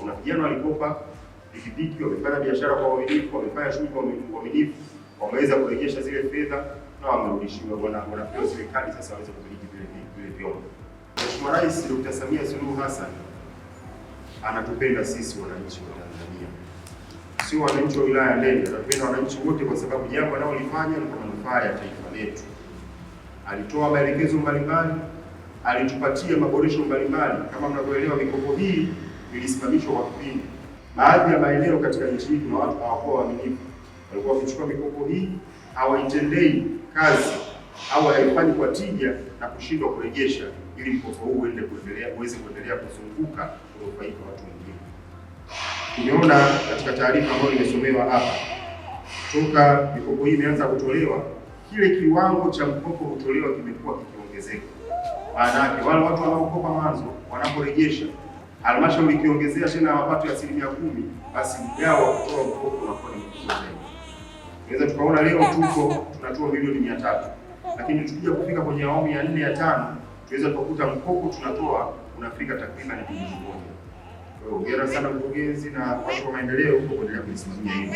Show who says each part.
Speaker 1: Kuna vijana walikopa pikipiki, wamefanya biashara kwa uaminifu, wamefanya shughuli kwa uaminifu, wameweza kurejesha zile fedha na wamerudishiwa, wanapewa serikali sasa waweze kumiliki vile vile vyombo. Mheshimiwa Rais Dr. Samia Suluhu Hassan anatupenda sisi wananchi wa Tanzania, sio wananchi wa wilaya Ndende, anatupenda wananchi wote, kwa sababu jambo analolifanya ni kwa manufaa ya taifa letu. Alitoa maelekezo mbalimbali, alitupatia maboresho mbalimbali. Kama mnavyoelewa, mikopo hii ilisimamishwa kwa kipindi. Baadhi ya maeneo katika nchi hii kuna watu hawakuwa waaminifu, walikuwa wakichukua mikopo hii hawaitendei kazi au haifanyi kwa tija na kushindwa kurejesha, ili mkopo huu uende kuendelea uweze kuendelea kuzunguka kunufaika watu wengine. Tumeona katika taarifa ambayo imesomewa hapa, toka mikopo hii imeanza kutolewa, kile kiwango cha mkopo hutolewa kimekuwa kikiongezeka. Maana yake wale watu wanaokopa mwanzo wanaporejesha Halmashauri ikiongezea tena ya mapato ya asilimia kumi, basi mgao wa kutoa mkopo unakuwa ni mkubwa zaidi. Tunaweza tukaona leo tuko tunatoa milioni mia tatu, lakini tukija kufika kwenye awamu ya nne ya tano tunaweza tukakuta mkopo tunatoa unafika takriban bilioni moja. Hongera sana mkurugenzi na watu wa maendeleo kwa kuendelea kuisimamia hilo.